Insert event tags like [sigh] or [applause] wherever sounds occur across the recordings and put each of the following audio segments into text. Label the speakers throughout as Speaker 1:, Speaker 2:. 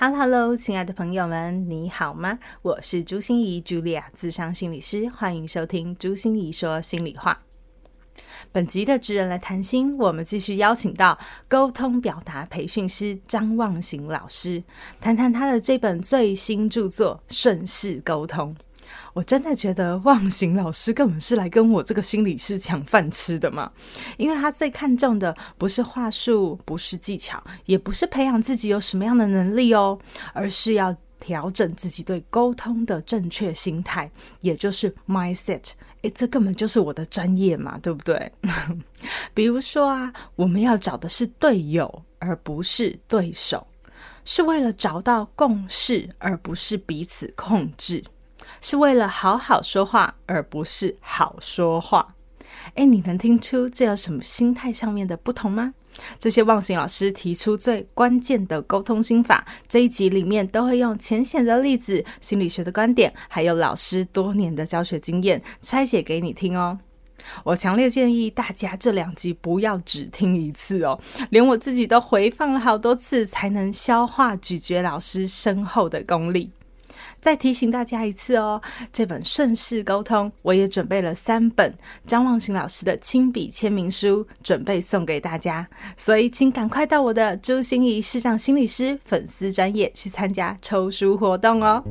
Speaker 1: 哈嘍哈嘍，hello, hello, 親愛的朋友們，你好嗎？我是朱芯儀，茱莉亞，諮商心理師，歡迎收聽朱芯儀說心裡話。本集的職人來談芯，我們繼續邀請到溝通表達培訓師張忘形老師，談談他的這本最新著作《順勢溝通》。我真的覺得忘形老師根本是來跟我這個心理師搶飯吃的嘛，因為他最看重的不是話術，不是技巧，也不是培養自己有什麼樣的能力哦，而是要調整自己對溝通的正確心態，也就是 mindset。欸，哎，這根本就是我的專業嘛，對不對？ [laughs] 比如說啊，我們要找的是隊友，而不是對手，是為了找到共識，而不是彼此控制。是為了好好說話，而不是好說話。哎，你能聽出這有什麼心態上面的不同嗎？這些忘形老師提出最關鍵的溝通心法，這一集裡面都會用淺顯的例子、心理學的觀點，還有老師多年的教學經驗拆解給你聽哦。我強烈建議大家這兩集不要只聽一次哦，連我自己都回放了好多次才能消化咀嚼老師深厚的功力。再提醒大家一次哦，這本《順勢溝通》我也準備了三本張忘形老師的親筆簽名書，準備送給大家，所以請趕快到我的朱芯儀視障心理師粉絲專頁去參加抽書活動哦。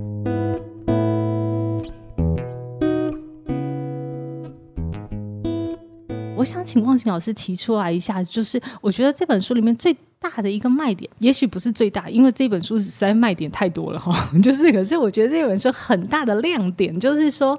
Speaker 1: 我想請忘形老師提出來一下，就是我覺得這本書裡面最。大的一個賣點，也許不是最大，因為這本書實在賣點太多了哈。就是，可是我覺得這本書很大的亮點，就是說，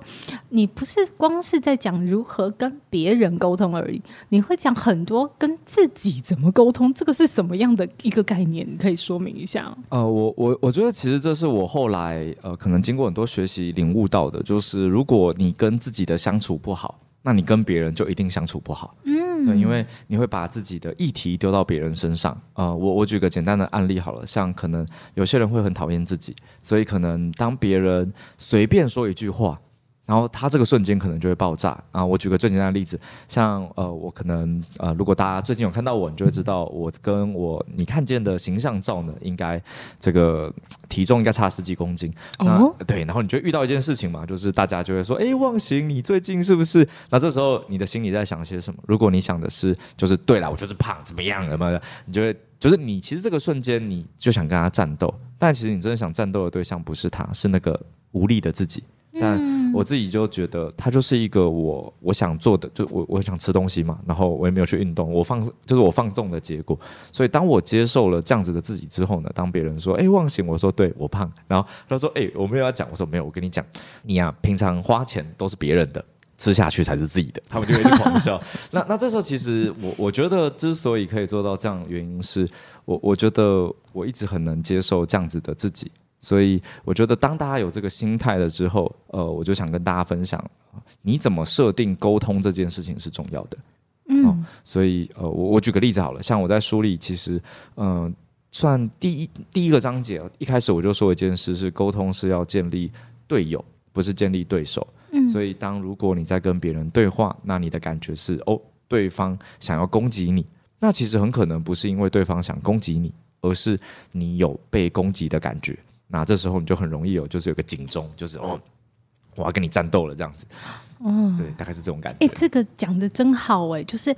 Speaker 1: 你不是光是在講如何跟別人溝通而已，你會講很多跟自己怎麼溝通，這個是什麼樣的一個概念？你可以說明一下。
Speaker 2: 呃，我我我覺得，其實這是我後來呃，可能經過很多學習領悟到的，就是如果你跟自己的相處不好，那你跟別人就一定相處不好。
Speaker 1: 嗯。對，因為
Speaker 2: 你會把自己的議題丟到別人身上啊。呃，我我舉個簡單的案例好了，像可能有些人會很討厭自己，所以可能當別人隨便說一句話，然後他這個瞬間可能就會爆炸啊！然後我舉個最簡單的例子，像呃，我可能呃，如果大家最近有看到我，你就會知道我跟我你看見的形象照呢，應該這個體重應該差十幾公斤。哦，哦。對，然後你就會遇到一件事情嘛，就是大家就會說：“誒，忘形，你最近是不是？”那這時候你的心裡在想些什麼？如果你想的是就是對了，我就是胖，怎麼樣什麼的，你就會就是你其實這個瞬間你就想跟他戰鬥，但其實你真的想戰鬥的對象不是他，是那個無力的自己。但我自己就覺得，它就是一個我我想做的，就我我想吃東西嘛，然後我也沒有去運動，我放就是我放縱的結果。所以當我接受了這樣子的自己之後呢，當別人說哎，忘形，我說，對我胖，然後他說，哎我沒有要講，我說沒有，我跟你講，你啊平常花錢都是別人的，吃下去才是自己的，他們就有點狂笑。 [laughs] 那那這時候其實我我覺得之所以可以做到這樣，原因是我我覺得我一直很能接受這樣子的自己。所以，我覺得當大家有這個心態了之後，呃，我就想跟大家分享，你怎麼設定溝通這件事情是重要的。嗯、哦，所以，呃，我我舉個例子好了，像我在書裡，其實，嗯、呃，算第一第一個章節一開始我就說一件事是，溝通是要建立隊友，不是建立對手。嗯、所以，當如果你在跟別人對話，那你的感覺是哦，對方想要攻擊你，那其實很可能不是因為對方想攻擊你，而是你有被攻擊的感覺。那這時候你就很容易有，就是有個警鐘，就是哦，我要跟你戰鬥了這樣子，嗯，對，大概是這種感覺。欸，
Speaker 1: 這個講得真好欸，就是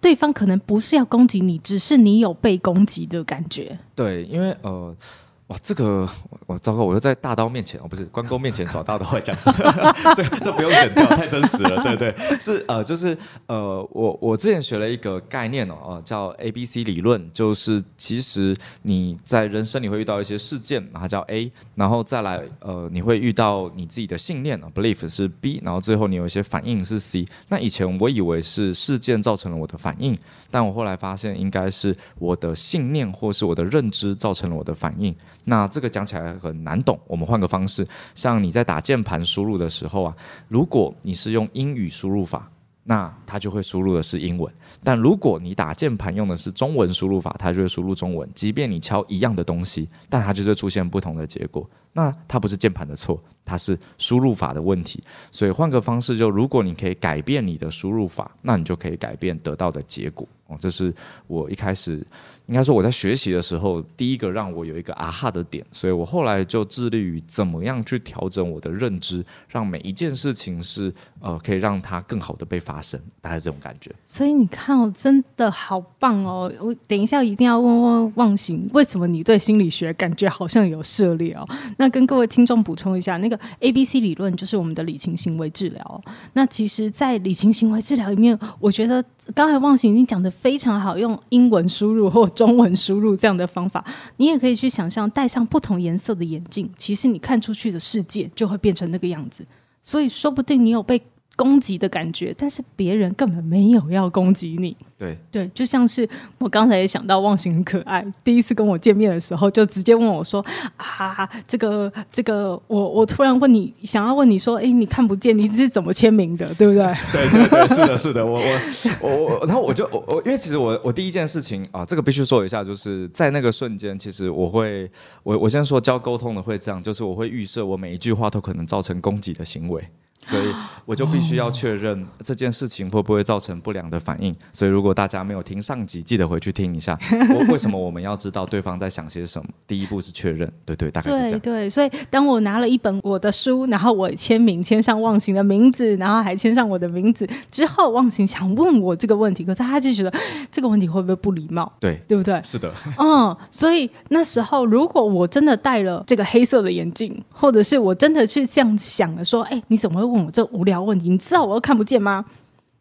Speaker 1: 對方可能不是要攻擊你，只是你有被攻擊的感覺。
Speaker 2: 對，因為呃。哦、這個我糟糕，我又在大刀面前哦，不是關公面前耍大刀，我講什麼？這 [laughs] [laughs] 這，這不用剪掉，太真實了。對不對，是呃，就是呃，我我之前學了一個概念哦，呃、叫 A B C 理論，就是其實你在人生裡會遇到一些事件，然後叫 A，然後再來呃，你會遇到你自己的信念啊、哦、，belief 是 B，然後最後你有一些反應是 C。那以前我以為是事件造成了我的反應。但我後來發現，應該是我的信念或是我的認知造成了我的反應。那這個講起來很難懂，我們換個方式。像你在打鍵盤輸入的時候啊，如果你是用英語輸入法，那它就會輸入的是英文；但如果你打鍵盤用的是中文輸入法，它就會輸入中文。即便你敲一樣的東西，但它就會出現不同的結果。那它不是鍵盤的錯，它是輸入法的問題。所以換個方式就，就如果你可以改變你的輸入法，那你就可以改變得到的結果。哦，這是我一開始應該說我在學習的時候，第一個讓我有一個啊哈的點。所以我後來就致力於怎麼樣去調整我的認知，讓每一件事情是呃可以讓它更好的被發生。大概是這種感覺。
Speaker 1: 所以你看，哦，真的好棒哦！我等一下一定要問問忘形，為什麼你對心理學感覺好像有涉獵哦？那跟各位聽眾補充一下，那個 ABC 理論就是我們的理情行為治療哦。那其實，在理情行為治療裡面，我覺得剛才忘形已經講得非常好，用英文輸入或中文輸入這樣的方法，你也可以去想象戴上不同顏色的眼鏡，其實你看出去的世界就會變成那個樣子。所以，說不定你有被。攻擊的感覺，但是別人根本沒有要攻擊你。對對，就像是我剛才也想到，忘形很可愛。第一次跟我見面的時候，就直接問我說：“啊，這個這個，我我突然問你，想要問你說，哎、欸，你看不見，你是怎麼簽名的，對不對？”對對
Speaker 2: 對，是的，是的， [laughs] 我我我我，然後我就我，因為其實我我第一件事情啊，這個必須說一下，就是在那個瞬間，其實我會，我我先說教溝通的會這樣，就是我會預設我每一句話都可能造成攻擊的行為。所以我就必須要確認這件事情會不會造成不良的反應。所以如果大家沒有聽上集，記得回去聽一下。我為什麼我們要知道對方在想些什麼？第一步是確認。對對，大概是這樣 [laughs] 對。
Speaker 1: 對對，所以當我拿了一本我的書，然後我簽名，簽上忘形的名字，然後還簽上我的名字之後，忘形想問我這個問題，可是他就覺得這個問題會不會不禮貌？
Speaker 2: 對，對不對？是的。
Speaker 1: 嗯，所以那時候如果我真的戴了這個黑色的眼鏡，或者是我真的是這樣想的，說，哎、欸，你怎麼會？問我這無聊問題，你知道我又看不見嗎？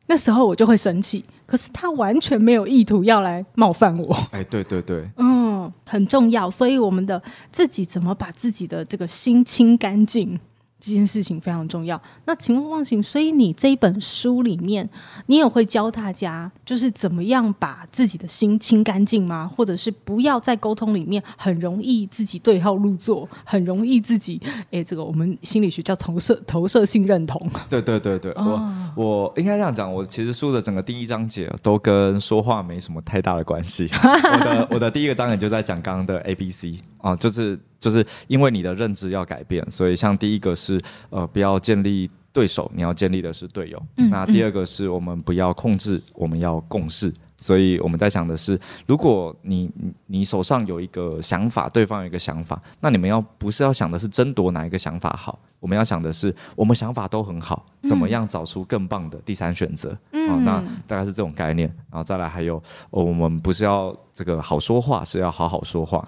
Speaker 1: 那時候我就會生氣。可是他完全沒有意圖要來
Speaker 2: 冒犯我。哎、欸，對對對，
Speaker 1: 嗯，很重要。所以我們的自己怎麼把自己的這個心清乾淨？這件事情非常重要。那請問忘形，所以你這一本書裡面，你也會教大家，就是怎麼樣把自己的心清乾淨嗎？或者是不要在溝通裡面很容易自己對號入座，很容易自己，哎，這個我們心理學叫投射，投射性認同。
Speaker 2: 對對對對，哦、我我應該這樣講，我其實書的整個第一章節都跟說話沒什麼太大的關係。 [laughs] 我的我的第一個章節就在講剛剛的 A B C 啊，就是。就是因為你的認知要改變，所以像第一個是，呃，不要建立對手，你要建立的是隊友。嗯嗯。那第二個是我們不要控制，我們要共事。所以我們在想的是，如果你你手上有一個想法，對方有一個想法，那你們要不是要想的是爭奪哪一個想法好，我們要想的是，我們想法都很好，怎麼樣找出更棒的第三選擇？嗯，哦，那大概是這種概念。然後再來還有，哦，我們不是要這個好說話，是要好好說話。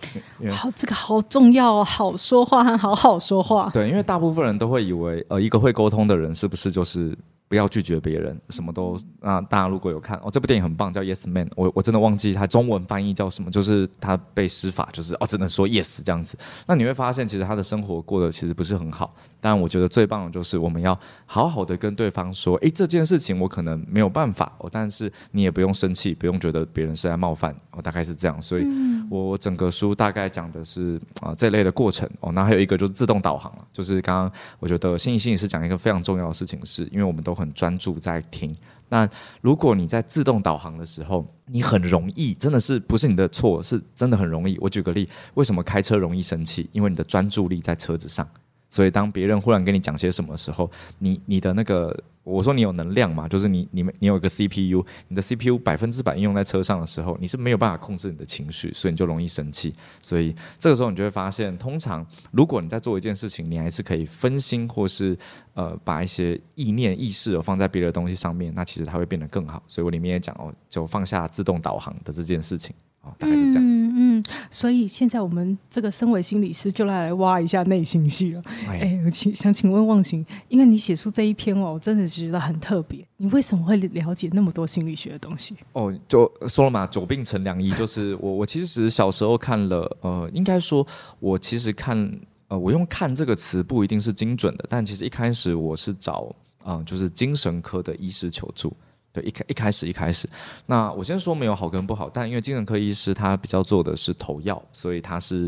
Speaker 1: 好，這個好重要哦，好說話和好好說話。
Speaker 2: 對，因為大部分人都會以為，呃，一個會溝通的人是不是就是。不要拒絕別人，什麼都。那大家如果有看哦，這部電影很棒，叫《Yes Man》，我我真的忘記他中文翻譯叫什麼，就是他被施法，就是哦，只能說 yes 這樣子。那你會發現，其實他的生活過得其實不是很好。但我覺得最棒的就是我們要好好的跟對方說，哎，這件事情我可能沒有辦法，哦，但是你也不用生氣，不用覺得別人是在冒犯，我、哦、大概是這樣。所以，我我整個書大概講的是啊、呃、這類的過程，哦，那還有一個就是自動導航，就是剛剛我覺得芯芯是講一個非常重要的事情是，是因為我們都很專注在聽。那如果你在自動導航的時候，你很容易，真的是不是你的錯，是真的很容易。我舉個例，為什麼開車容易生氣？因為你的專注力在車子上。所以，當別人忽然跟你講些什麼時候，你你的那個，我說你有能量嘛，就是你你們你有一個 CPU，你的 CPU 百分之百應用在車上的時候，你是沒有辦法控制你的情緒，所以你就容易生氣。所以這個時候你就會發現，通常如果你在做一件事情，你還是可以分心，或是呃把一些意念意識放在別的東西上面，那其實它會變得更好。所以我裡面也講哦，就放下自動導航的這件事情。
Speaker 1: 大概、哦、是這樣，嗯嗯，所以現在我們這個身為心理師，就來，來挖一下內心戲了。哎呀我請，想請問忘形，因為你寫出這一篇哦，我真的覺得很特別。你為什麼會了解那麼多心理學的東西？哦，
Speaker 2: 就說了嘛，久病成良醫，就是我。我其實小時候看了， [laughs] 呃，應該說，我其實看，呃，我用“看”這個詞不一定是精準的，但其實一開始我是找，嗯、呃，就是精神科的醫師求助。對，一開一開始一開始，那我先說沒有好跟不好，但因為精神科醫師他比較做的是投藥，所以他是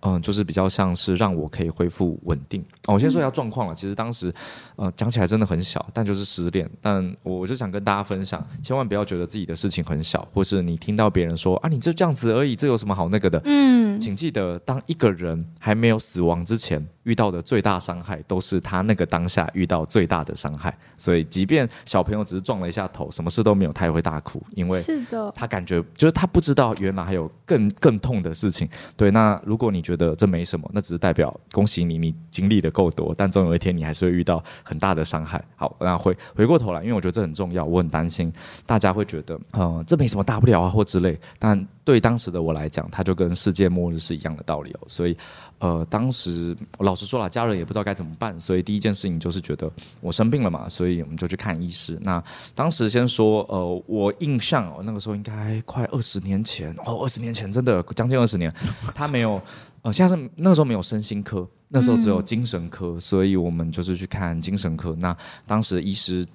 Speaker 2: 嗯，呃，就是比較像是讓我可以恢復穩定。哦，我先說一下狀況了，其實當時呃講起來真的很小，但就是失戀，但我就想跟大家分享，千萬不要覺得自己的事情很小，或是你聽到別人說啊，你就這樣子而已，這有什麼好那個的？嗯，請記得當一個人還沒有死亡之前。遇到的最大傷害都是他那個當下遇到最大的傷害，所以即便小朋友只是撞了一下頭，什麼事都沒有，他也會大哭，因為是的，他感覺就是他不知道原來還有更更痛的事情。對，那如果你覺得這沒什麼，那只是代表恭喜你，你經歷的夠多，但總有一天你還是會遇到很大的傷害。好，那回回過頭來，因為我覺得這很重要，我很擔心大家會覺得，嗯、呃，這沒什麼大不了啊，或之類，但。對當時的我來講，他就跟世界末日是一樣的道理哦。所以，呃，當時老實說了，家人也不知道該怎麼辦。所以第一件事情就是覺得我生病了嘛，所以我們就去看醫師。那當時先說，呃，我印象哦，那個時候應該快二十年前哦，二十年前真的將近二十年，他沒有 [laughs] 呃，現在是那時候沒有身心科，那時候只有精神科，嗯、所以我們就是去看精神科。那當時醫師。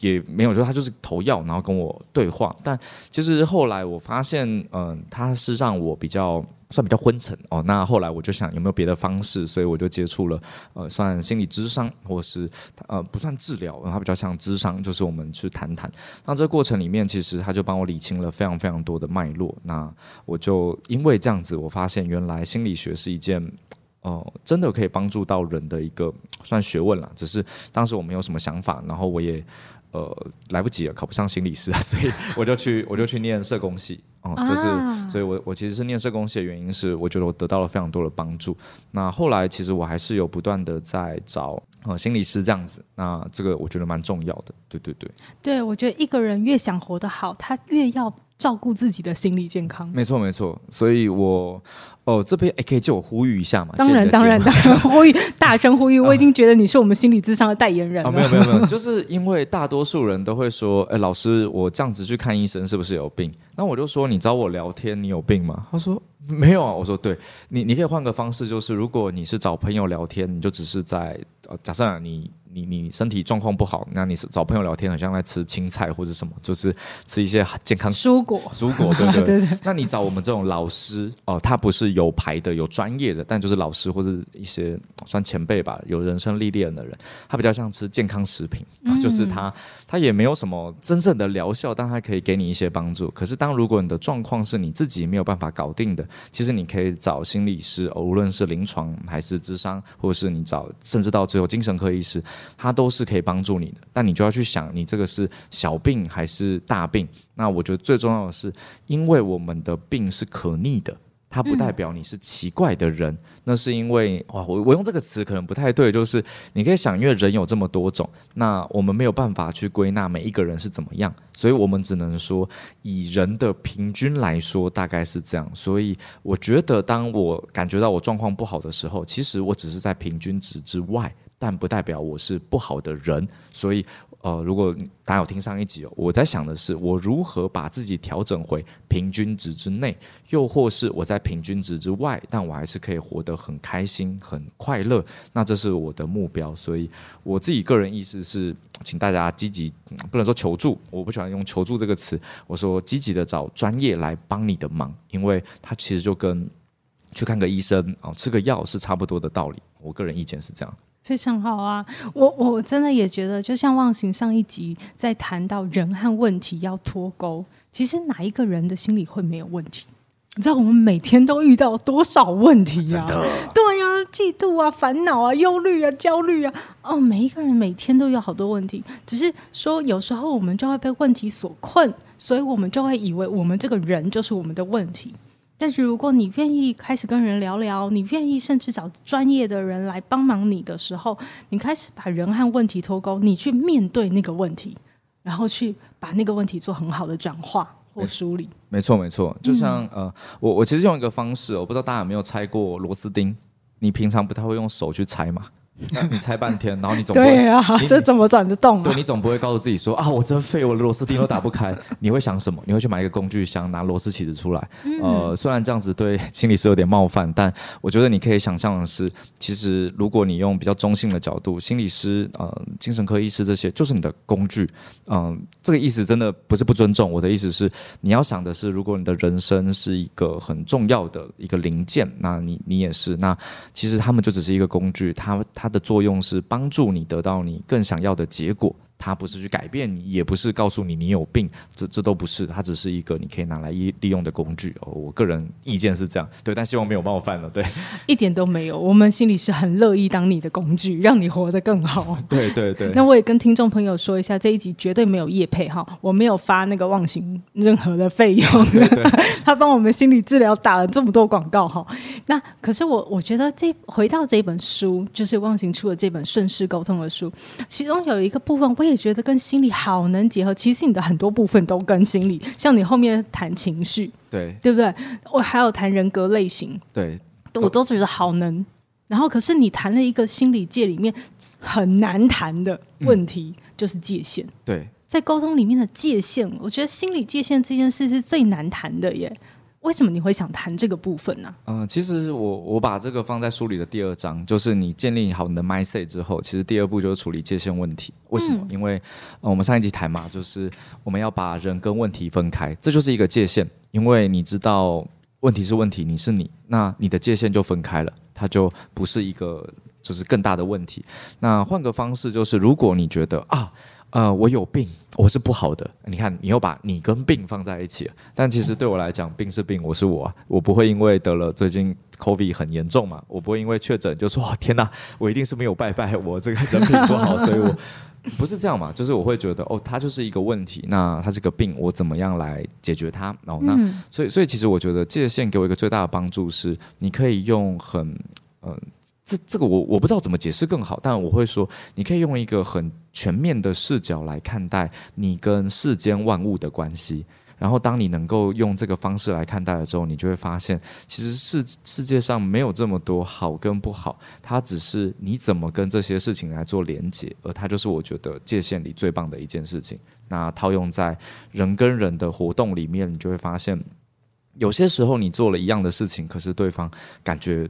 Speaker 2: 也沒有說他就是投藥，然後跟我對話。但其實後來我發現，嗯、呃，他是讓我比較算比較昏沉哦。那後來我就想有沒有別的方式，所以我就接觸了呃算心理諮商，或是呃不算治療、呃，他比較像諮商，就是我們去談談。那這個過程裡面，其實他就幫我理清了非常非常多的脈絡。那我就因為這樣子，我發現原來心理學是一件。哦、呃，真的可以幫助到人的一個算學問了，只是當時我沒有什麼想法，然後我也，呃，來不及了，考不上心理師，所以我就去 [laughs] 我就去念社工系哦，呃啊、就是，所以我我其實是念社工系的原因是我覺得我得到了非常多的幫助。那後來其實我還是有不斷的在找呃心理師這樣子，那這個我覺得蠻重要的，對對對，
Speaker 1: 對我覺得一個人越想活得好，他越要。照顧自己的心理健
Speaker 2: 康，沒錯沒錯，所以我哦、呃、這邊誒，可以借我呼籲一下嗎？當然當然當然
Speaker 1: 呼籲，大聲呼籲！嗯、我已經覺得你是我們心理諮商的代言人了。嗯哦、沒有沒有沒有，
Speaker 2: 就是因為大多數人都會說，誒，老師我這樣子去看醫生是不是有病？那我就說你找我聊天你有病嗎？他說沒有啊，我說對你你可以換個方式，就是如果你是找朋友聊天，你就只是在呃假設你。你你身體狀況不好，那你是找朋友聊天，好像在吃青菜或者什麼，就是吃一些健康蔬果，蔬果對不對？ [laughs] 對對對，那你找我們這種老師哦、呃，他不是有牌的、有專業的，但就是老師或者一些算前輩吧，有人生歷練的人，他比較像吃健康食品，嗯呃、就是他。它也沒有什麼真正的療效，但它可以給你一些幫助。可是，當如果你的狀況是你自己沒有辦法搞定的，其實你可以找心理師，無論是臨床還是諮商，或是你找，甚至到最後精神科醫師，他都是可以幫助你的。但你就要去想，你這個是小病還是大病？那我覺得最重要的是，因為我們的病是可逆的。它不代表你是奇怪的人，嗯、那是因為哇，我我用這個詞可能不太對，就是你可以想，因為人有這麼多種，那我們沒有辦法去歸納每一個人是怎麼樣，所以我們只能說以人的平均來說大概是這樣。所以我覺得當我感覺到我狀況不好的時候，其實我只是在平均值之外。但不代表我是不好的人，所以呃，如果大家有聽上一集，哦，我在想的是，我如何把自己調整回平均值之內，又或是我在平均值之外，但我還是可以活得很開心、很快樂。那這是我的目標，所以我自己個人意思是，請大家積極，不能說求助，我不喜歡用求助這個詞，我說積極的找專業來幫你的忙，因為他其實就跟去看個醫生啊、哦，吃個藥是差不多的道理。我個人意見是這樣。
Speaker 1: 非常好啊，我我真的也覺得，就像忘形上一集在談到人和問題要脫鈎，其實哪一個人的心裡會沒有問題？你知道我們每天都遇到多少問題啊？真的？對呀、啊，嫉妒啊，煩惱啊，憂慮啊，焦慮啊，哦，每一個人每天都有好多問題，只是說有時候我們就會被問題所困，所以我們就會以為我們這個人就是我們的問題。但是如果你願意開始跟人聊聊，你願意甚至找專業的人來幫忙你的時候，你開始把人和問題脫鈎，你去面對那個問題，然後去把那個問題做很好的轉化或梳理。
Speaker 2: 沒，沒錯沒錯，就像、嗯、呃，我我其實用一個方式，我不知道大家有沒有拆過螺絲釘，你平常不太會用手去拆嘛。 [laughs] 那你猜半天，然後你總不會對啊，這你
Speaker 1: 怎麼轉得動啊？對你
Speaker 2: 總不會告訴自己說啊，我真廢，我的螺絲釘都打不開。 [laughs] 你會想什麼？你會去買一個工具箱，拿螺絲起子出來。嗯、呃，雖然這樣子對心理師有點冒犯，但我覺得你可以想象的是，其實如果你用比較中性的角度，心理師、呃，精神科醫師這些就是你的工具。嗯、呃，這個意思真的不是不尊重，我的意思是你要想的是，如果你的人生是一個很重要的一個零件，那你你也是。那其實他們就只是一個工具，他。它的作用是幫助你得到你更想要的結果。他不是去改變你，也不是告訴你你有病，這這都不是，他只是一個你可以拿來利用的工具哦。我個人意見是這樣，對，但希望沒有冒犯了，對，
Speaker 1: 一點都沒有，我們心裡是很樂意當你的工具，讓你活得更好。
Speaker 2: 對對對。那我
Speaker 1: 也跟聽眾朋友說一下，這一集絕對沒有業配哈，我沒有發那個忘形任何的費用，對對 [laughs] 他幫我們心理治療打了這麼多廣告哈。那可是我我覺得這回到這本書，就是忘形出了這本順勢溝通的書，其中有一個部分我也。我覺得跟心理好能結合，其實你的很多部分都跟心理，像你後面談情緒，對，對不對？我還有談人格類型，
Speaker 2: 對，
Speaker 1: 都我都覺得好能。然後，可是你談了一個心理界裡面很難談的問題，嗯，就是界限。對，在溝通裡面的界限，我覺得心理界限這件事是最難談的耶。為什麼你會想談這個部分呢？嗯、
Speaker 2: 呃，其實我我把這個放在書裡的第二章，就是你建立好你的 mindset 之後，其實第二步就是處理界限問題。為什麼？嗯、因為、呃、我們上一集談嘛，就是我們要把人跟問題分開，這就是一個界限。因為你知道問題是問題，你是你，那你的界限就分開了，它就不是一個就是更大的問題。那換個方式，就是如果你覺得啊。呃，我有病，我是不好的。你看，你又把你跟病放在一起。但其實對我來講，病是病，我是我啊，我不會因為得了最近 COVID 很嚴重嘛，我不會因為確診就說，哦，天哪，我一定是沒有拜拜，我這個人品不好， [laughs] 所以我不是這樣嘛。就是我會覺得，哦，他就是一個問題，那他這個病我怎麼樣來解決它？然後，哦，那所以所以其實我覺得界限給我一個最大的幫助是，你可以用很嗯。呃這這個我我不知道怎麼解釋更好，但我會說，你可以用一個很全面的視角來看待你跟世間萬物的關係。然後，當你能夠用這個方式來看待的時候，你就會發現，其實世世界上沒有這麼多好跟不好，它只是你怎麼跟這些事情來做連接。而它就是我覺得界限裡最棒的一件事情。那套用在人跟人的活動裡面，你就會發現，有些時候你做了一樣的事情，可是對方感覺，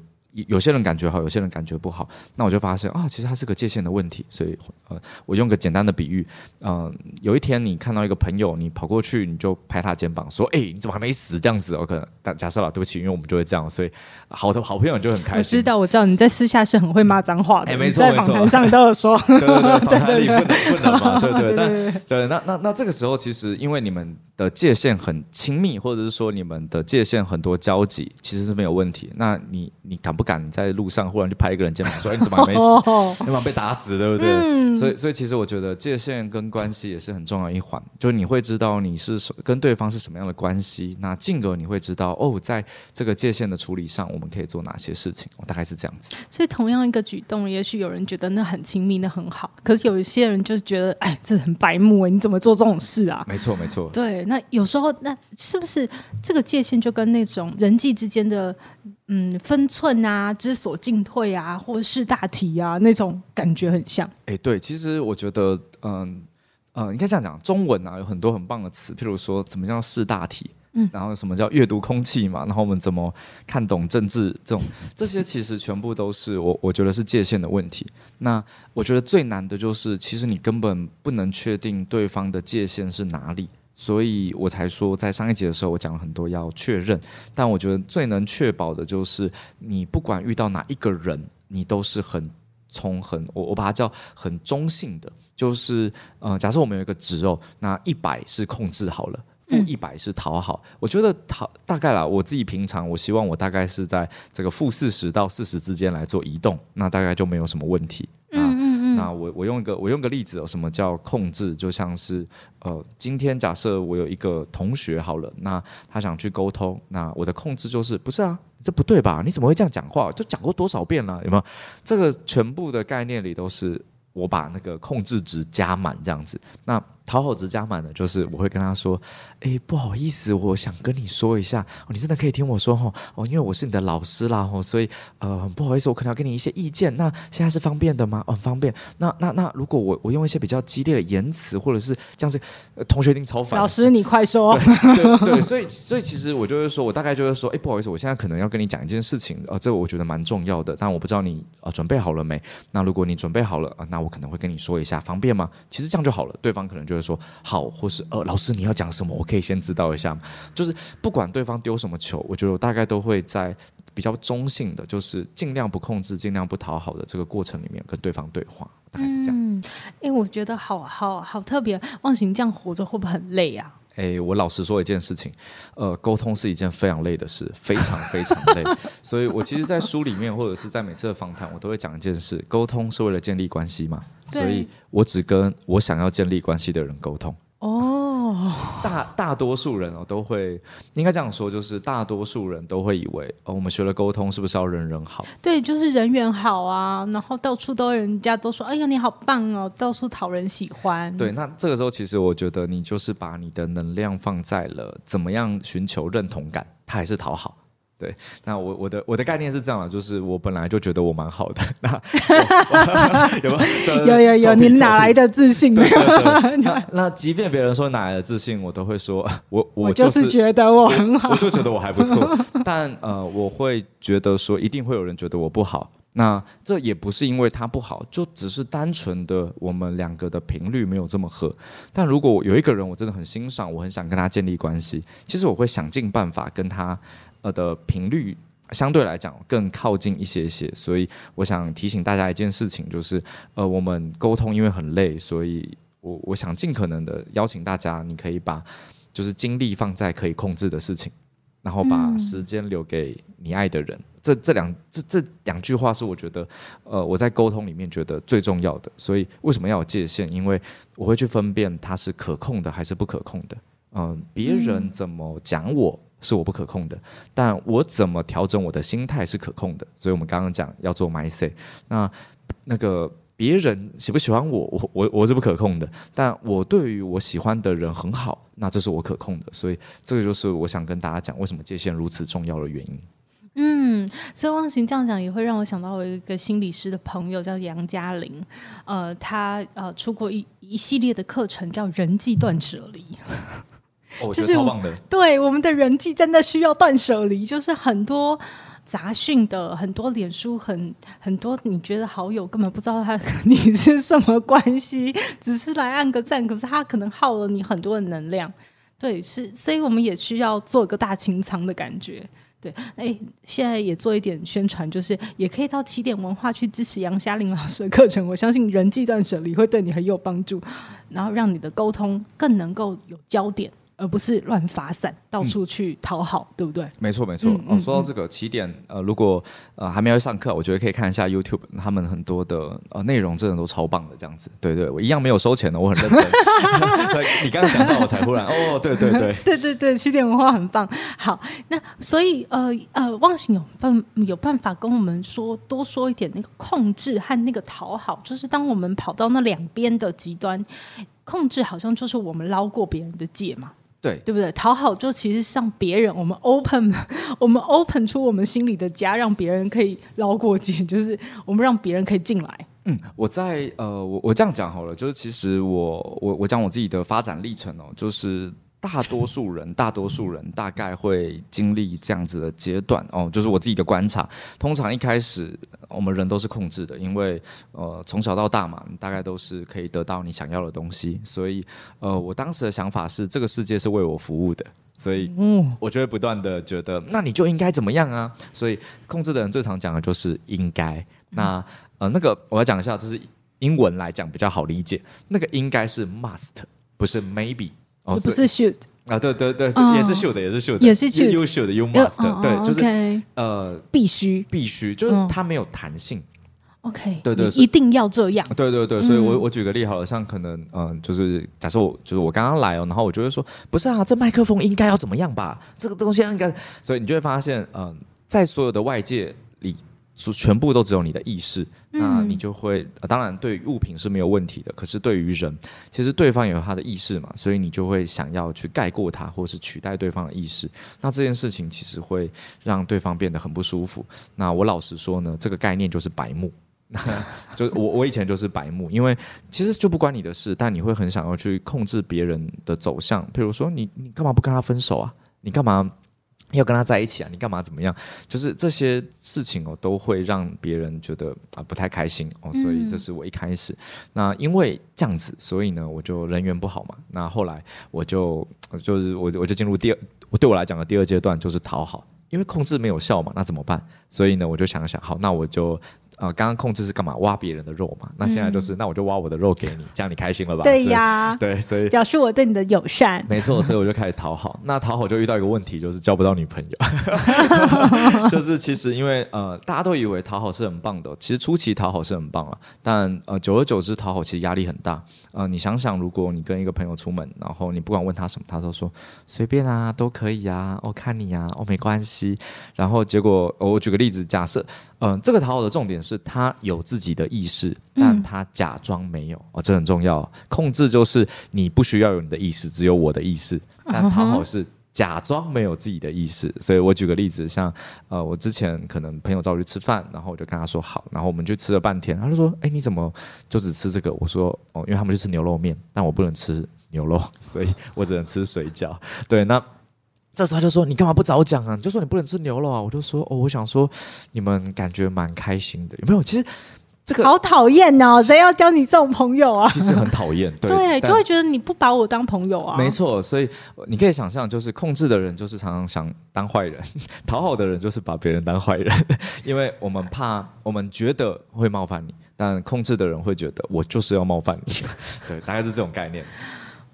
Speaker 2: 有些人感覺好，有些人感覺不好，那我就發現啊，其實它是個界線的問題，所以、呃、我用個簡單的比喻，嗯、呃、有一天你看到一個朋友，你跑過去，你就拍他肩膀說哎、欸，你怎麼還沒死這樣子我可能但假設啦，對不起，因為我們就會這樣，所以好的好朋友就很開心。我知
Speaker 1: 道我知道你在私下是很會罵髒話的。沒錯、欸、你在訪談上都有說。對對對對，那
Speaker 2: 對那那，那這個時候其實因為你們的界線很親密，或者是說你們的界線很多交集，其實是沒有問題，那你你敢不不敢在路上忽然就拍一個人肩膀說：“哎、欸，你怎麼還沒死？ [laughs] 你怎麼被打死？對不對？”嗯、所以，所以其實我覺得界限跟關係也是很重要一環，就是你會知道你是跟對方是什麼樣的關係，那進而你會知道哦，在這個界限的處理上，我們可以做哪些事情。我、哦、大概是這樣子。
Speaker 1: 所以，同樣一個舉動，也許有人覺得那很親密，那很好；可是有一些人就覺得，哎，這很白目，你怎麼做這種事啊？
Speaker 2: 沒錯，沒錯。對，
Speaker 1: 那有時候，那是不是這個界限就跟那種人際之間的？嗯，分寸啊，知所進退啊，或是大體啊，那種感覺很像。
Speaker 2: 誒、欸，對，其實我覺得，嗯、呃、嗯，呃、應該這樣講，中文啊有很多很棒的詞，譬如說，什麼叫“識大體”，嗯，然後什麼叫“閱讀空氣”嘛，然後我們怎麼看懂政治這種，這些其實全部都是我我覺得是界限的問題。那我覺得最難的就是，其實你根本不能確定對方的界限是哪裡。所以我才說，在上一集的時候，我講了很多要確認，但我覺得最能確保的就是，你不管遇到哪一個人，你都是很從很我我把它叫很中性的，就是呃，假設我們有一個值哦，那一百是控制好了，負一百是討好，我覺得討大概啦，我自己平常我希望我大概是在這個負四十到四十之間來做移動，那大概就沒有什麼問題，
Speaker 1: 啊。嗯。那
Speaker 2: 我我用一個我用個例子哦，什麼叫控制？就像是呃，今天假設我有一個同學好了，那他想去溝通，那我的控制就是，不是啊？這不對吧？你怎麼會這樣講話？就講過多少遍了，有沒有？這個全部的概念裡都是我把那個控制值加滿這樣子。那。討好值加滿了，就是我會跟他說：“哎、欸，不好意思，我想跟你說一下，哦、你真的可以聽我說哦，因為我是你的老師啦，吼、哦，所以呃，不好意思，我可能要給你一些意見。那現在是方便的嗎？哦、方便。那那那，那如果我我用一些比較激烈的言辭，或者是這樣子，同學一定超煩。老師，
Speaker 1: 你快說。對對，對，
Speaker 2: 所以所以其實我就是說我大概就是說，哎、欸，不好意思，我現在可能要跟你講一件事情啊、呃，這我覺得蠻重要的，但我不知道你啊、呃、準備好了沒？那如果你準備好了、呃、那我可能會跟你說一下，方便嗎？其實這樣就好了，對方可能就。就是說好，或是呃，老師你要講什麼，我可以先知道一下。就是不管對方丟什麼球，我覺得我大概都會在比較中性的，就是盡量不控制、盡量不討好的這個過程裡面跟對方對話，大
Speaker 1: 概是這樣。因為、嗯欸、我覺得好好好特別，忘形這樣活着會不會很累啊？
Speaker 2: 誒，我老實說一件事情，呃，溝通是一件非常累的事，非常非常累。 [laughs] 所以我其實，在書裡面或者是在每次的訪談，我都會講一件事：溝通是為了建立關係嘛。對所以我只跟我想要建立關係的人溝通。哦。Oh. 哦，大大多數人哦都會，應該這樣說，就是大多數人都會以為，哦，我們學了溝通是不是要人人好？
Speaker 1: 對，就是人緣好啊，然後到處都人家都說，哎呀你好棒哦，到處討人喜歡。對，那
Speaker 2: 這個時候其實我覺得你就是把你的能量放在了怎麼樣尋求認同感，他還是討好。對，那我我的我的概念是這樣的，就是我本來就覺得我蠻好的，那有有有有，
Speaker 1: 你哪來的自信？
Speaker 2: 那即便別人說哪來的自信，我都會說，我我、就是、我就是覺得我很好，我我就覺得我還不錯。 [laughs] 但呃，我會覺得說，一定會有人覺得我不好。那這也不是因為他不好，就只是單純的我們兩個的頻率沒有這麼合。但如果有一個人，我真的很欣賞，我很想跟他建立關係，其實我會想盡辦法跟他呃的頻率相對來講更靠近一些些。所以我想提醒大家一件事情，就是呃我們溝通因為很累，所以我我想盡可能的邀請大家，你可以把就是精力放在可以控制的事情，然後把時間留給你愛的人。嗯。這這兩這這兩句話是我覺得，呃，我在溝通裡面覺得最重要的。所以為什麼要有界限？因為我會去分辨它是可控的還是不可控的。嗯、呃，別人怎麼講我是我不可控的，但我怎麼調整我的心態是可控的。所以我們剛剛講要做 my say 那。那那個別人喜不喜歡我，我我我是不可控的，但我對於我喜歡的人很好，那這是我可控的。所以這個就是我想跟大家講為什麼界限如此重要的原因。
Speaker 1: 嗯，所以忘形這樣講也會讓我想到我一個心理師的朋友叫楊嘉玲，呃，他呃出過一一系列的課程叫人際斷捨離，
Speaker 2: 哦，這是超棒
Speaker 1: 的，就是我，對，我們的人際真的需要斷捨離，就是很多雜訊的，很多臉書很很多，你覺得好友根本不知道他和你是什麼關係，只是來按個讚，可是他可能耗了你很多的能量，對，是，所以我們也需要做一個大清倉的感覺。對，哎，現在也做一點宣傳，就是也可以到起點文化去支持楊夏玲老師的課程。我相信人際斷捨離會對你很有幫助，然後讓你的溝通更能夠有焦點。而不是亂發散，到處去討好，嗯、對不對？沒錯，
Speaker 2: 沒錯，沒錯、嗯。我、哦、說到這個啟、嗯、點，呃，如果、呃、還沒有上課，我覺得可以看一下 YouTube，他們很多的呃內容真的都超棒的，這樣子。對，對，我一樣沒有收錢的，我很認真。 [laughs] [laughs] 你剛才講到，我才忽然， [laughs] 哦，對對對，對， [laughs]
Speaker 1: 對對對，啟點文化很棒。好，那所以呃呃，忘、呃、形有辦有辦法跟我們說多說一點那個控制和那個討好，就是當我們跑到那兩邊的極端，控制好像就是我們撈過別人的界嘛。對對不對？討好就其實像別人，我們 open，我們 open 出我們心裡的家，讓別人可以撈過界，就是我們讓別人可以進來。
Speaker 2: 嗯，我在呃，我我這樣講好了，就是其實我我我講我自己的發展歷程哦，就是。大多數人，大多數人大概會經歷這樣子的階段哦，就是我自己的觀察。通常一開始，我們人都是控制的，因為呃，從小到大嘛，大概都是可以得到你想要的東西。所以呃，我當時的想法是，這個世界是為我服務的，所以嗯，我就會不斷的覺得，那你就應該怎麼樣啊？所以控制的人最常講的就是應該。那呃，那個我要講一下，就是英文來講比較好理解，那個應該是 must，不是 maybe。不是 shoot 啊，對對對，也是 shoot 的，也是 shoot 的，也是 shoot 的，優秀的，must 的，對，就是呃，必須，必須，就是它沒有彈性，OK，對對，一
Speaker 1: 定要這樣，
Speaker 2: 對對對，所以我我舉個例好了，像可能嗯，就是假設我就是我剛剛來哦，然後我就會說，不是啊，這麥克風應該要怎麼樣吧？這個東西應該，所以你就會發現，嗯，在所有的外界裡。是全部都只有你的意識，那你就會、呃、當然對物品是沒有問題的。可是對於人，其實對方有他的意識嘛，所以你就會想要去蓋過他，或是取代對方的意識。那這件事情其實會讓對方變得很不舒服。那我老實說呢，這個概念就是白目， [laughs] 就我我以前就是白目，因為其實就不關你的事，但你會很想要去控制別人的走向。譬如說你，你你幹嘛不跟他分手啊？你幹嘛？要跟他在一起啊，你幹嘛怎麼樣？就是這些事情哦，都會讓別人覺得啊、呃、不太開心哦，所以這是我一開始。嗯、那因為這樣子，所以呢，我就人緣不好嘛。那後來我就我就是我我就進入第二，我對我來講的第二階段就是討好，因為控制沒有效嘛，那怎麼辦？所以呢，我就想想，好，那我就。呃，剛剛控制是幹嘛？挖別人的肉嘛。那現在就是，嗯、那我就挖我的肉給你，這樣你開心了吧？對呀，對，所以表
Speaker 1: 示我對你的友善。沒錯，
Speaker 2: 所以我就開始討好。那討好就遇到一個問題，就是交不到女朋友。 [laughs] 就是其實因為呃，大家都以為討好是很棒的，其實初期討好是很棒啊。但呃，久而久之討好其實壓力很大。嗯、呃，你想想，如果你跟一個朋友出門，然後你不管問他什麼，他都說隨便啊，都可以啊，我、哦、看你啊，哦，沒關係。然後結果、哦、我舉個例子，假設嗯、呃，這個討好的重點。是他有自己的意識，但他假裝沒有、嗯、哦，這很重要。控制就是你不需要有你的意識，只有我的意識。但討好是假裝沒有自己的意識。嗯、哼所以我舉個例子，像呃，我之前可能朋友找我去吃飯，然後我就跟他說好，然後我們就吃了半天，他就說，誒、欸，你怎麼就只吃這個？我說，哦，因為他們就吃牛肉麵，但我不能吃牛肉，所以我只能吃水餃。 [laughs] 對，那。這時候他就說，你幹嘛不早講啊？就說你不能吃牛肉啊！我就說哦，我想說你們感覺蠻開心的，有沒有？其實
Speaker 1: 這個好討厭哦。其實，誰要交你這種朋友啊？其
Speaker 2: 實很討厭，對，對但，就會
Speaker 1: 覺得你不把我當朋友啊。沒錯，
Speaker 2: 所以你可以想象，就是控制的人就是常常想當壞人，討好的人就是把別人當壞人，因為我們怕我們覺得會冒犯你，但控制的人會覺得我就是要冒犯你，對，大概是這種概念。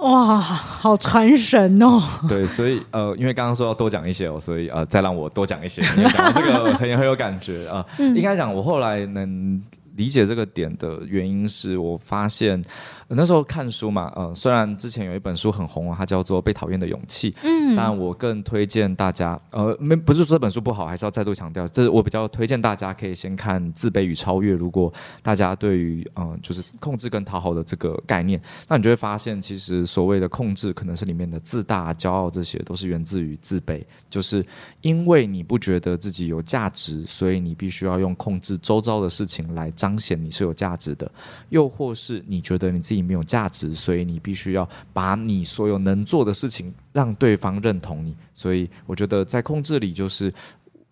Speaker 1: 哇，好傳神哦，嗯，
Speaker 2: 對，所以呃，因為剛剛說要多講一些哦，所以呃，再讓我多講一些。這個很, [laughs] 很有感覺啊，呃，嗯，應該講我後來能理解這個點的原因，是我發現。那時候看書嘛，嗯、呃，雖然之前有一本書很紅，哦，它叫做《被討厭的勇氣》，嗯，但我更推薦大家，呃，沒不是說這本書不好，還是要再度強調，這，就是我比較推薦大家可以先看《自卑與超越》。如果大家對於嗯、呃，就是控制跟討好的這個概念，那你就會發現，其實所謂的控制，可能是裡面的自大、驕傲，這些都是源自於自卑，就是因為你不覺得自己有價值，所以你必須要用控制周遭的事情來彰顯你是有價值的，又或是你覺得你自己。你沒有價值，所以你必須要把你所有能做的事情讓對方認同你。所以我覺得，在控制裡就是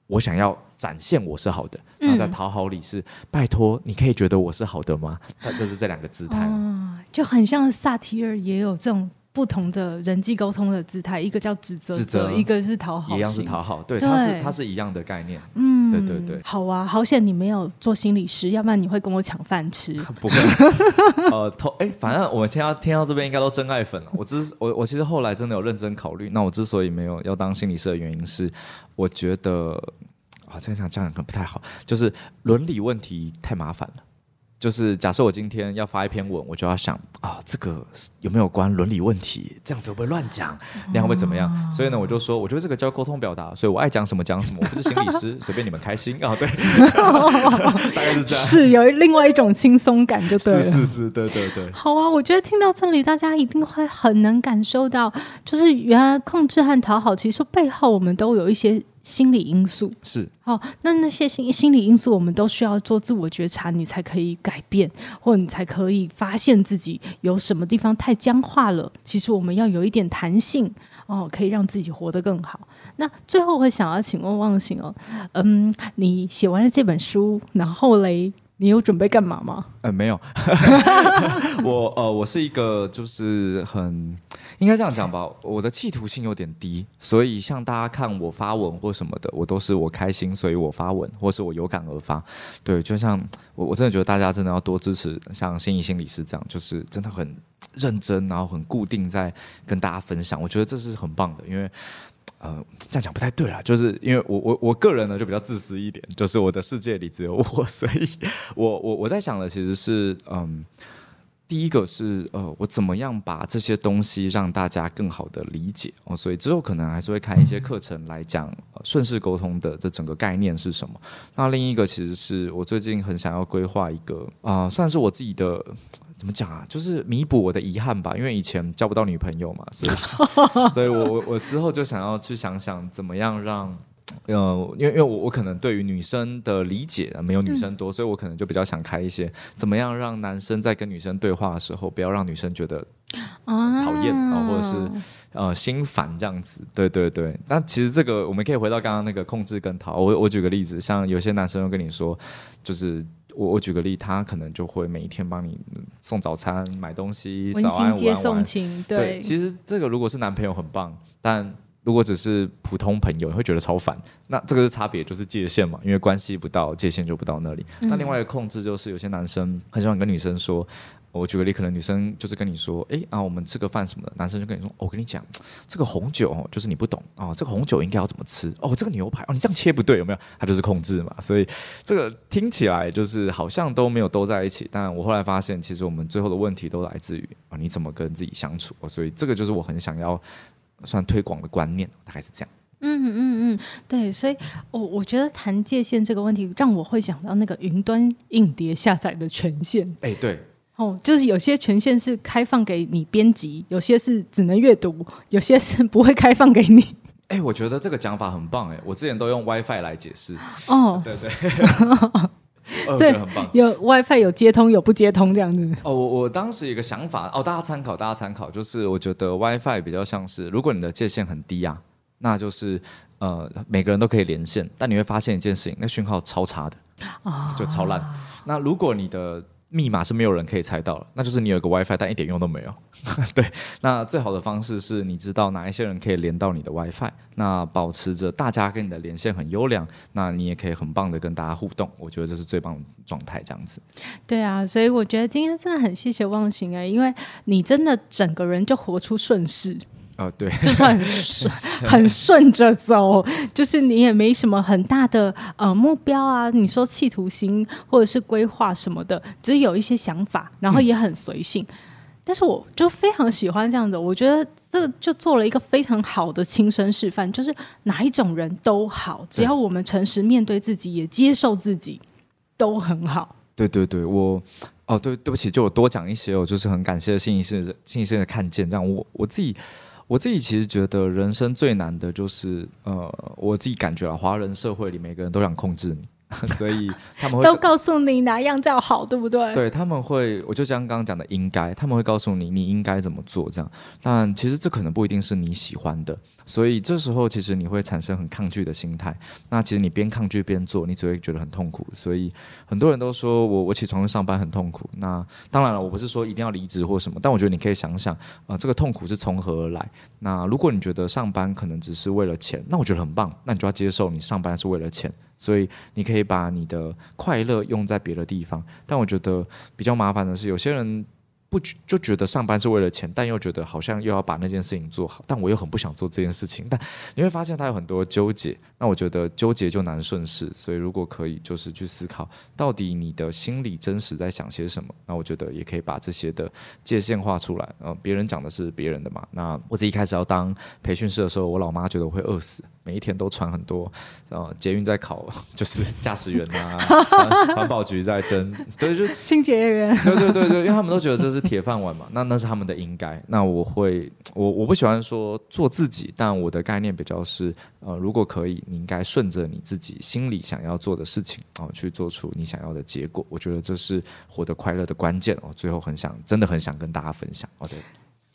Speaker 2: 我想要展現我是好的，嗯，然後在討好裡是拜託，你可以覺得我是好的嗎？但就是這兩個姿態，
Speaker 1: 哦，就很像薩提爾也有這種，不同的人際溝通的姿態，一個叫指責，指責，一個是討好，一樣是討好，對，對它是他是
Speaker 2: 一樣的概念。嗯，對對對。
Speaker 1: 好啊，好險你沒有做心理師，要不然你會跟我搶飯吃。
Speaker 2: 不會、啊， [laughs] 呃，頭，哎，反正我現在聽到這邊應該都真愛粉了。我之我我其實後來真的有認真考慮，那我之所以沒有要當心理師的原因是，我覺得啊，這樣講這樣可能不太好，就是倫理問題太麻煩了。就是假設我今天要發一篇文，我就要想啊、哦，這個有沒有關倫理問題？這樣子會不會亂講？那樣、哦、會怎麼樣？所以呢，我就說，我覺得這個叫溝通表達，所以我愛講什麼講什麼，我不是心理師，隨 [laughs] 便你們開心啊、哦。對， [laughs] 大概是這樣 [laughs] 是，
Speaker 1: 有另外一種輕鬆感就對。是是
Speaker 2: 是，對對對。
Speaker 1: 好啊，我覺得聽到這裡，大家一定會很能感受到，就是原來控制和討好，其實背後我們都有一些。心理因素。是，哦，那那些心心理因素，我們都需要做自我覺察，你才可以改變，或者你才可以發現自己有什麼地方太僵化了。其實我們要有一點彈性哦，可以讓自己活得更好。那最後，我會想要請問忘形哦，嗯，你寫完了這本書，然後嘞？你有準備幹嘛嗎？嗯、
Speaker 2: 呃，沒有，呵呵 [laughs] 我呃，我是一個就是很應該這樣講吧，我的企圖性有點低，所以像大家看我發文或什麼的，我都是我開心，所以我發文，或是我有感而發。對，就像我我真的覺得大家真的要多支持，像芯儀心理師這樣，就是真的很認真，然後很固定在跟大家分享，我覺得這是很棒的，因為。呃，這樣講不太對啊，就是因為我我我個人呢就比較自私一點，就是我的世界裡只有我，所以我我我在想的其實是，嗯，第一個是呃，我怎麼樣把這些東西讓大家更好的理解哦，所以之後可能還是會開一些課程來講、嗯、順勢溝通的這整個概念是什麼。那另一個其實是我最近很想要規劃一個啊、呃，算是我自己的。怎麼講啊？就是彌補我的遺憾吧，因為以前交不到女朋友嘛，所以， [laughs] 所以我我之後就想要去想想怎麼樣讓，嗯、呃，因為因為我我可能對於女生的理解、啊、沒有女生多，嗯、所以我可能就比較想開一些，怎麼樣讓男生在跟女生對話的時候，不要讓女生覺得、
Speaker 1: 呃、討厭啊，或者是
Speaker 2: 呃心煩這樣子。對對對，那其實這個我們可以回到剛剛那個控制跟討我我舉個例子，像有些男生又跟你說就是。我我舉個例，他可能就會每一天幫你送早餐、買東西，溫馨接送情，晚安晚安。對，對。其實這個如果是男朋友很棒，但如果只是普通朋友，你會覺得超煩。那這個是差別，就是界線嘛，因為關係不到，界線就不到那裡。嗯、那另外一個控制就是，有些男生很喜歡跟女生說。我舉個例，可能女生就是跟你說，哎啊，我們吃個飯什麼的，男生就跟你說，我、哦、跟你講，這個紅酒就是你不懂啊、哦，這個紅酒應該要怎麼吃哦，這個牛排哦，你這樣切不對，有沒有？它就是控制嘛，所以這個聽起來就是好像都沒有兜在一起。但我後來發現，其實我們最後的問題都來自於啊，你怎麼跟自己相處、哦？所以這個就是我很想要算推廣的觀念，大概是這樣。
Speaker 1: 嗯嗯嗯，對，所以我我覺得談界線這個問題，讓我會想到那個雲端硬碟下載的權限。哎，對。哦，就是有些權限是開放給你編輯，有些是只能閱讀，有些是不會開放給你。哎、
Speaker 2: 欸，我覺得這個講法很棒，哎、欸，我之前都用 WiFi 來解釋。哦、啊，對對，所以很棒，有
Speaker 1: WiFi 有接通、有不接通這樣子。
Speaker 2: 哦，我我當時有個想法哦，大家參考，大家參考，就是我覺得 WiFi 比較像是，如果你的界限很低啊，那就是呃每個人都可以連線，但你會發現一件事情，那訊號超差的啊，就超爛。哦、那如果你的密碼是沒有人可以猜到了，那就是你有個 WiFi，但一點用都沒有。 [laughs] 對，那最好的方式是，你知道哪一些人可以連到你的 WiFi，那保持着大家跟你的連線很優良，那你也可以很棒的跟大家互動。我覺得這是最棒的狀態，這樣子。
Speaker 1: 對啊，所以我覺得今天真的很謝謝忘形啊，因為你真的整個人就活出順勢。
Speaker 2: 啊、呃，對， [laughs] 就是很順，很
Speaker 1: 順着走， [laughs] 就是你也沒什麼很大的呃目標啊。你說企圖心或者是規劃什麼的，只有一些想法，然後也很隨性。嗯、但是我就非常喜歡這樣子，我覺得這就做了一個非常好的親身示範，就是哪一種人都好，只要我們誠實面對自己，也接受自己，都很好。
Speaker 2: 對對對，我哦，對，對不起，就我多講一些，我就是很感謝芯儀芯芯儀的看見，這樣我我自己。我自己其實覺得人生最難的就是，呃，我自己感覺啊，華人社會裡每個人都想控制你。 [laughs] 所以他們會都
Speaker 1: 告訴你哪樣叫好，對不對？對，
Speaker 2: 他們會，我就像剛剛講的應，應該，他們會告訴你你應該怎麼做這樣，但其實這可能不一定是你喜歡的，所以這時候其實你會產生很抗拒的心態。那其實你邊抗拒邊做，你只會覺得很痛苦。所以很多人都說我我起床上班很痛苦。那當然了，我不是說一定要離職或什麼，但我覺得你可以想想啊、呃，這個痛苦是從何而來？那如果你覺得上班可能只是為了錢，那我覺得很棒，那你就要接受你上班是為了錢。所以你可以把你的快樂用在別的地方，但我覺得比較麻煩的是，有些人不就覺得上班是為了錢，但又覺得好像又要把那件事情做好，但我又很不想做這件事情。但你會發現他有很多糾結，那我覺得糾結就難順勢。所以如果可以，就是去思考到底你的心理真實在想些什麼，那我覺得也可以把這些的界限畫出來。呃，別人講的是別人的嘛。那我一開始要當培訓師的時候，我老媽覺得我會餓死。每一天都傳很多，然、啊、捷運在考，就是駕駛員啊，環、 [laughs] 啊、保局在爭，對，就
Speaker 1: 清潔員，
Speaker 2: 對對對對，因為他們都覺得這是鐵飯碗嘛， [laughs] 那那是他們的應該。那我會，我我不喜歡說做自己，但我的概念比較是，呃，如果可以，你應該順着你自己心裡想要做的事情，哦、呃，去做出你想要的結果。我覺得這是活得快樂的關鍵哦。最後很想，真的很想跟大家分享哦。對。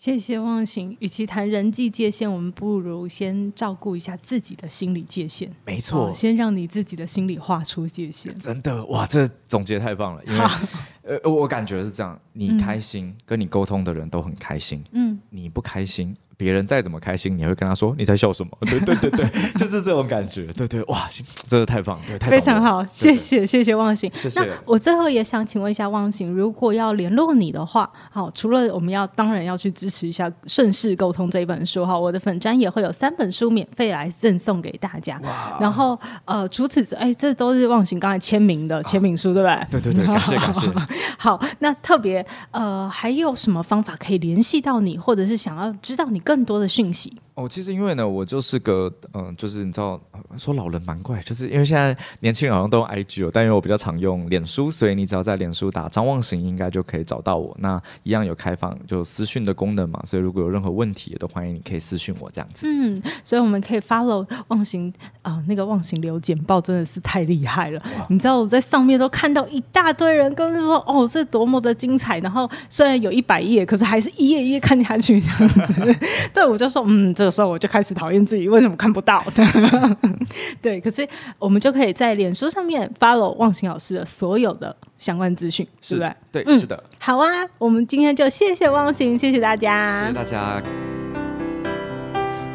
Speaker 1: 謝謝忘形。與其談人際界限，我們不如先照顧一下自己的心理界限。沒錯、啊，先讓你自己的心裡畫出界限。呃、真的哇，這
Speaker 2: 總結太棒了。因為，好呃，我感覺是這樣：你開心，嗯、跟你溝通的人都很開心。嗯，你不開心。別人再怎麼開心，你會跟他說：“你在笑什麼？”對對對對， [laughs] 就是這種感覺。對對，哇，真是太棒！對，太了非常好，對謝謝
Speaker 1: 謝謝忘形。謝謝那我最後也想請問一下忘形，如果要聯絡你的話，好，除了我們要當然要去支持一下順勢溝通這一本書，哈，我的粉專也會有三本書免費來贈送給大家。哇然後呃，除此之哎，這都是忘形剛才簽名的簽名書，啊、對不對？對對對，感謝。 [laughs] 好，那特別呃，還有什麼方法可以聯繫到你，或者是想要知道你更更多的訊息。
Speaker 2: 哦，其實因為呢，我就是個嗯，就是你知道說老人蠻怪，就是因為現在年輕人好像都用 IG 哦，但因為我比較常用臉書，所以你只要在臉書打張忘形，應該就可以找到我。那一樣有開放就私訊的功能嘛，所以如果有任何問題，也都歡迎你可以私訊我這樣子。
Speaker 1: 嗯，所以我們可以 follow 忘形啊、呃，那個忘形流簡報真的是太厲害了。哇你知道我在上面都看到一大堆人跟著說哦，這多麼的精彩。然後雖然有一百頁，可是還是一頁一頁看下去這樣子。 [laughs] 對我就說嗯。的時候我就開始討厭自己為什麼看不到？ [laughs] [laughs] 對，可是我們就可以在臉書上面 follow 忘形老師的所有的相關資訊，
Speaker 2: 是不是？對,吧對，嗯、是的。
Speaker 1: 好啊，我們今天就謝謝忘形，謝謝大家，謝謝大家。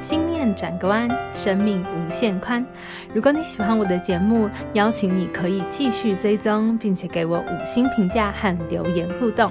Speaker 1: 心念轉個彎，生命無限寬。如果你喜歡我的節目，邀請你可以繼續追蹤，並且給我五星評價和留言互動。